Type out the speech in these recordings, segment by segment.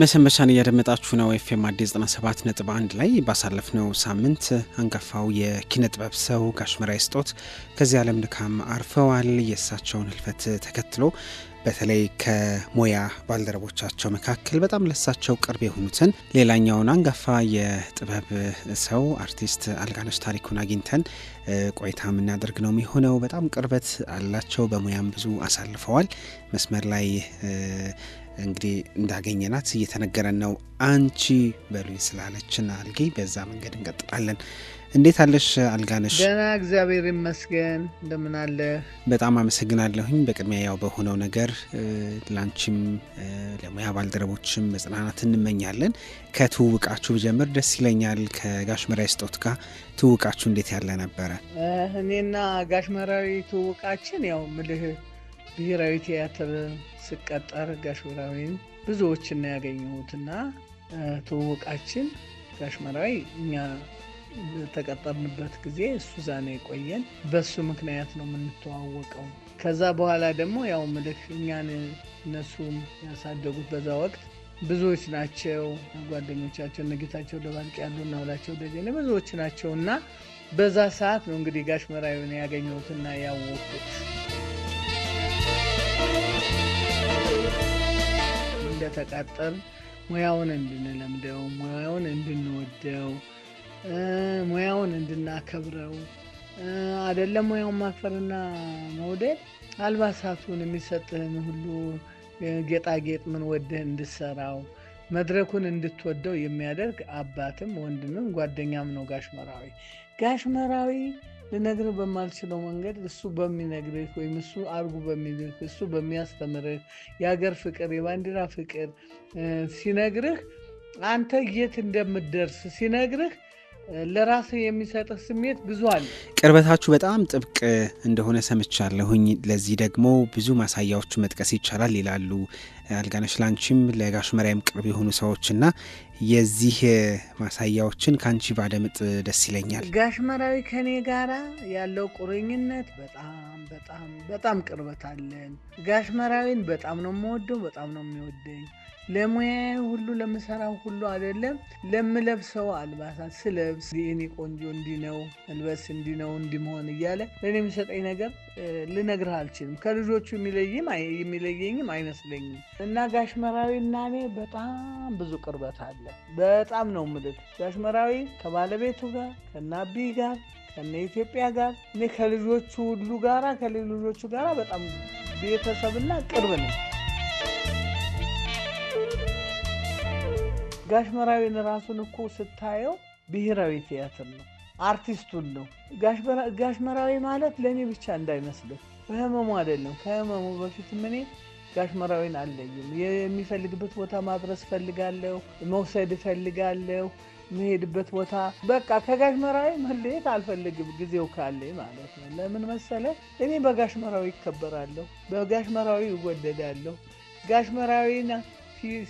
መሰንበቻን እያደመጣችሁ ነው። ኤፍኤም አዲስ 97 ነጥብ 1 ላይ ባሳለፍነው ሳምንት አንጋፋው የኪነ ጥበብ ሰው ጋሽ መርዓዊ ስጦት ከዚህ ዓለም ድካም አርፈዋል። የእሳቸውን ህልፈት ተከትሎ በተለይ ከሙያ ባልደረቦቻቸው መካከል በጣም ለሳቸው ቅርብ የሆኑትን ሌላኛውን አንጋፋ የጥበብ ሰው አርቲስት አልጋነሽ ታሪኩን አግኝተን ቆይታ የምናደርግ ነው የሚሆነው። በጣም ቅርበት አላቸው፣ በሙያም ብዙ አሳልፈዋል። መስመር ላይ እንግዲህ እንዳገኘናት እየተነገረን ነው። አንቺ በሉ ስላለችን አልጌ በዛ መንገድ እንቀጥላለን። እንዴት አለሽ አልጋነሽ? ደህና እግዚአብሔር ይመስገን። እንደምን አለ? በጣም አመሰግናለሁኝ። በቅድሚያ ያው በሆነው ነገር ላንቺም ለሙያ ባልደረቦችም መጽናናት እንመኛለን። ከትውውቃችሁ ብጀምር ደስ ይለኛል። ከጋሽ መራዊ ስጦት ጋር ትውውቃችሁ እንዴት ያለ ነበረ? እኔና ጋሽ መራዊ ትውውቃችን ያው ምልህ ብሔራዊ ቲያትር ስቀጠር ጋሽ መራዊን ብዙዎችን ያገኘሁትና ትውውቃችን ጋሽ መራዊ እኛ ተቀጠርንበት ጊዜ እሱ እዛ ነው የቆየን። በሱ ምክንያት ነው የምንተዋወቀው። ከዛ በኋላ ደግሞ ያው ምልክ እኛን እነሱም ያሳደጉት በዛ ወቅት ብዙዎች ናቸው ጓደኞቻቸው እነ ደባልቅ ያሉ እና ውላቸው ደጀኔ ብዙዎች ናቸው እና በዛ ሰዓት ነው እንግዲህ ጋሽ መራዊን ያገኘሁትና ያወቅኩት። እንደተቃጠል ሙያውን እንድንለምደው ሙያውን እንድንወደው ሙያውን እንድናከብረው አይደለም ሙያውን ማክፈርና መውደድ አልባሳቱን የሚሰጥህን ሁሉ ጌጣጌጥ ምን ወደህ እንድሰራው መድረኩን እንድትወደው የሚያደርግ አባትም ወንድምም ጓደኛም ነው ጋሽ መራዊ። ጋሽ መራዊ ልነግርህ በማልችለው መንገድ እሱ በሚነግርህ ወይም እሱ አርጉ በሚልህ እሱ በሚያስተምርህ የሀገር ፍቅር፣ የባንዲራ ፍቅር ሲነግርህ አንተ የት እንደምትደርስ ሲነግርህ ለራስ የሚሰጥህ ስሜት ብዙ አለ። ቅርበታችሁ በጣም ጥብቅ እንደሆነ ሰምቻለሁኝ። ለዚህ ደግሞ ብዙ ማሳያዎቹ መጥቀስ ይቻላል ይላሉ አልጋነሽ ላንቺም ለጋሽ መሪያም ቅርብ የሆኑ ሰዎችና የዚህ ማሳያዎችን ከአንቺ ባደምጥ ደስ ይለኛል። ጋሽ መራዊ ከኔ ጋራ ያለው ቁርኝነት በጣም በጣም በጣም ቅርበት አለን። ጋሽ መራዊን በጣም ነው የምወደው፣ በጣም ነው የሚወደኝ። ለሙያዬ ሁሉ ለምሰራው ሁሉ አይደለም ለምለብሰው አልባሳት ስለብስ እኔ ቆንጆ እንዲህ ነው እንልበስ እንዲህ ነው እንዲህ መሆን እያለ ለእኔ የሚሰጠኝ ነገር ልነግርህ አልችልም። ከልጆቹ የሚለይም የሚለየኝም አይመስለኝም። እና ጋሽመራዊ እና እኔ በጣም ብዙ ቅርበት አለ። በጣም ነው የምልህ። ጋሽመራዊ ከባለቤቱ ጋር ከናቢ ጋር ከነ ኢትዮጵያ ጋር እኔ ከልጆቹ ሁሉ ጋራ ከልጆቹ ጋራ በጣም ቤተሰብና ቅርብ ነው። ጋሽመራዊ ራሱን እኮ ስታየው ብሔራዊ ቲያትር ነው፣ አርቲስቱን ነው። ጋሽመራዊ ማለት ለእኔ ብቻ እንዳይመስልህ፣ በህመሙ አይደለም። ከህመሙ በፊት እኔ ጋሽ መራዊን የሚፈልግበት ቦታ ማድረስ እፈልጋለሁ፣ መውሰድ እፈልጋለሁ፣ መሄድበት ቦታ በቃ ከጋሽ መራዊ መለየት አልፈልግም፣ ጊዜው ካለ ማለት ነው። ለምን መሰለ እኔ በጋሽ መራዊ ይከበራለሁ፣ በጋሽ መራዊ ይወደዳለሁ። ጋሽ መራዊን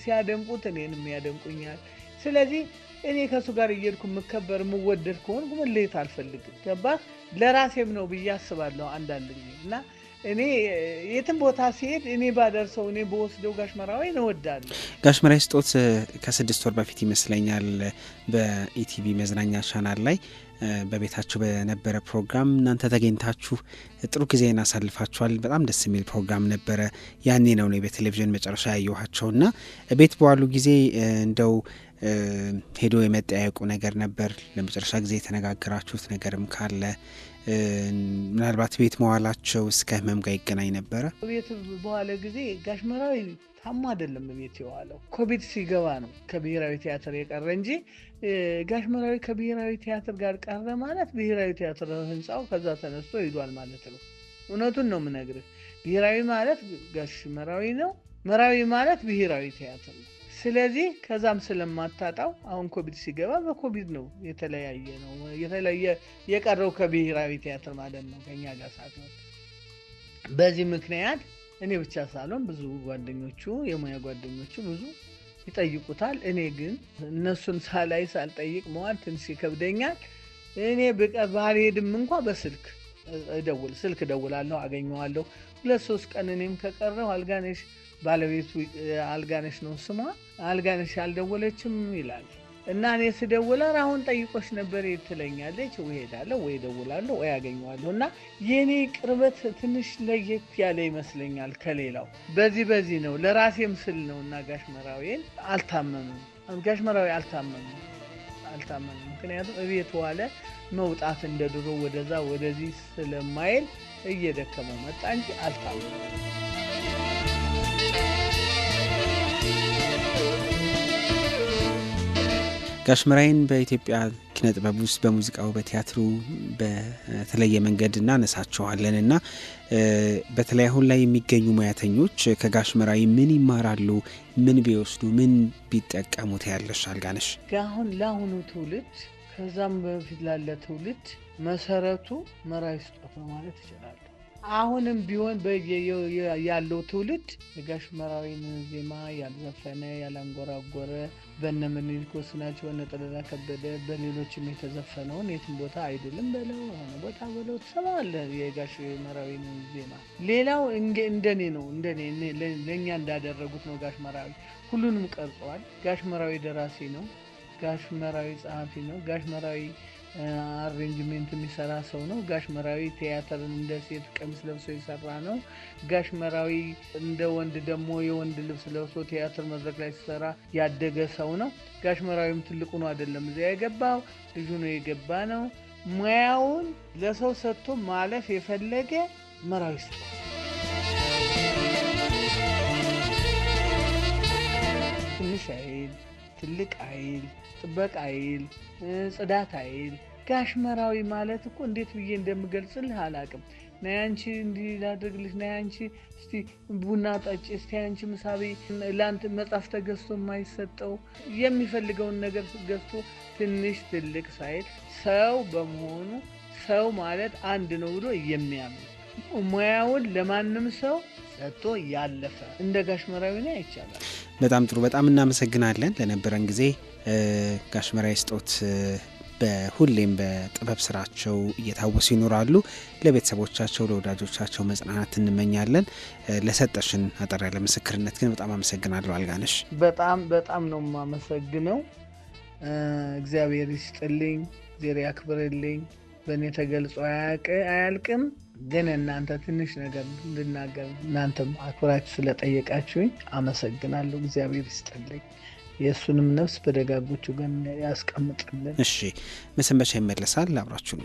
ሲያደንቁት እኔንም ያደንቁኛል። ስለዚህ እኔ ከእሱ ጋር እየሄድኩ የምከበር የምወደድ ከሆንኩ መለየት አልፈልግም። ገባ ለራሴም ነው ብዬ አስባለሁ አንዳንድ ጊዜ እና እኔ የትም ቦታ ሲሄድ እኔ ባደርሰው እኔ በወስደው ጋሽመራዊ እንወዳሉ። ጋሽመራዊ ስጦት ከስድስት ወር በፊት ይመስለኛል በኢቲቪ መዝናኛ ቻናል ላይ በቤታችሁ በነበረ ፕሮግራም እናንተ ተገኝታችሁ ጥሩ ጊዜን አሳልፋችኋል። በጣም ደስ የሚል ፕሮግራም ነበረ። ያኔ ነው ነው በቴሌቪዥን መጨረሻ ያየኋቸውና ቤት በዋሉ ጊዜ እንደው ሄዶ የመጠያየቁ ነገር ነበር። ለመጨረሻ ጊዜ የተነጋገራችሁት ነገርም ካለ ምናልባት ቤት መዋላቸው እስከ ህመም ጋር ይገናኝ ነበረ። ቤት በኋላ ጊዜ ጋሽ መራዊ ታሞ አይደለም ቤት የዋለው ኮቪድ ሲገባ ነው ከብሔራዊ ቲያትር የቀረ እንጂ ጋሽ መራዊ ከብሔራዊ ቲያትር ጋር ቀረ ማለት ብሔራዊ ቲያትር ህንፃው ከዛ ተነስቶ ሂዷል ማለት ነው። እውነቱን ነው የምነግርህ። ብሔራዊ ማለት ጋሽ መራዊ ነው። መራዊ ማለት ብሔራዊ ቲያትር ነው። ስለዚህ ከዛም ስለማታጣው አሁን ኮቪድ ሲገባ በኮቪድ ነው የተለያየ ነው የተለየ የቀረው ከብሔራዊ ቲያትር ማለት ነው ከኛ ጋር ሳት ነው። በዚህ ምክንያት እኔ ብቻ ሳልሆን ብዙ ጓደኞቹ የሙያ ጓደኞቹ ብዙ ይጠይቁታል። እኔ ግን እነሱን ሳላይ ሳልጠይቅ መዋል ትንሽ ይከብደኛል። እኔ ባልሄድም እንኳ በስልክ እደውል ስልክ እደውላለሁ፣ አገኘዋለሁ። ሁለት ሶስት ቀን እኔም ከቀረው አልጋነሽ ባለቤቱ አልጋነሽ ነው ስሟ። አልጋነሽ አልደወለችም ይላል እና እኔ ስደውላል አሁን ጠይቆች ነበር ትለኛለች። ወይ ሄዳለሁ ወይ ደውላለሁ ወይ ያገኘዋለሁ እና የኔ ቅርበት ትንሽ ለየት ያለ ይመስለኛል ከሌላው። በዚህ በዚህ ነው ለራሴም ስል ነው እና ጋሽ መራዊን አልታመምም። ጋሽ መራዊ አልታመምም ምክንያቱም እቤት ዋለ መውጣት እንደ ድሮ ወደዛ ወደዚህ ስለማይል እየደከመ መጣ እንጂ አልታመም። ጋሽመራይን በኢትዮጵያ ኪነጥበብ ውስጥ በሙዚቃው፣ በቲያትሩ በተለየ መንገድ እናነሳቸዋለን እና በተለይ አሁን ላይ የሚገኙ ሙያተኞች ከጋሽመራይ ምን ይማራሉ? ምን ቢወስዱ ምን ቢጠቀሙት ያለሽ አልጋነሽ? አሁን ለአሁኑ ትውልድ ከዛም በፊት ላለ ትውልድ መሰረቱ መራይ ስጦታ ማለት ይችላል። አሁንም ቢሆን ያለው ትውልድ የጋሽ መራዊን ዜማ ያልዘፈነ ያላንጎራጎረ በነ ምኒልክ ወስናቸው በነ ጠለላ ከበደ በሌሎችም የተዘፈነውን የትም ቦታ አይድልም በለው ሆነ ቦታ በለው ትሰማለህ የጋሽ መራዊን ዜማ። ሌላው እንደኔ ነው እንደኔ ለእኛ እንዳደረጉት ነው። ጋሽ መራዊ ሁሉንም ቀርጸዋል። ጋሽ መራዊ ደራሲ ነው። ጋሽ መራዊ ጸሐፊ ነው። ጋሽ መራዊ አሬንጅመንት የሚሰራ ሰው ነው። ጋሽ መራዊ ቲያትርን እንደ ሴት ቀሚስ ለብሶ የሰራ ነው። ጋሽ መራዊ እንደ ወንድ ደግሞ የወንድ ልብስ ለብሶ ቲያትር መድረክ ላይ ሲሰራ ያደገ ሰው ነው። ጋሽ መራዊም ትልቁ ነው አይደለም እዚያ የገባው ልጁ ነው የገባ ነው። ሙያውን ለሰው ሰጥቶ ማለፍ የፈለገ መራዊ ስ ትንሽ አይል ትልቅ አይል፣ ጥበቃ አይል፣ ጽዳት አይል፣ ጋሽመራዊ ማለት እኮ እንዴት ብዬ እንደምገልጽልህ አላቅም። ናያንቺ አንቺ እንዲህ ላድርግልሽ፣ እስቲ ቡና ጠጪ፣ እስቲ ያንቺ ምሳቤ፣ ለአንተ መጽሐፍ ተገዝቶ የማይሰጠው የሚፈልገውን ነገር ገዝቶ ትንሽ ትልቅ ሳይል ሰው በመሆኑ ሰው ማለት አንድ ነው ብሎ የሚያምን ሙያውን ለማንም ሰው ሰጥቶ ያለፈ እንደ ጋሽ መራዊ ነው ይቻላል። በጣም ጥሩ። በጣም እናመሰግናለን ለነበረን ጊዜ ጋሽ መራዊ ስጦት በሁሌም በጥበብ ስራቸው እየታወሱ ይኖራሉ። ለቤተሰቦቻቸው፣ ለወዳጆቻቸው መጽናናት እንመኛለን። ለሰጠሽን አጠር ያለ ምስክርነት ግን በጣም አመሰግናለሁ አልጋነሽ። በጣም በጣም ነው የማመሰግነው። እግዚአብሔር ይስጥልኝ፣ እግዚአብሔር ያክብርልኝ። በእኔ ተገልጾ አያልቅም። ግን እናንተ ትንሽ ነገር ልናገር፣ እናንተም አክብራችሁ ስለጠየቃችሁኝ አመሰግናለሁ። እግዚአብሔር ይስጥልኝ። የእሱንም ነፍስ በደጋጎቹ ገን ያስቀምጥልን። እሺ መሰንበቻ ይመለሳል። አብራችሁ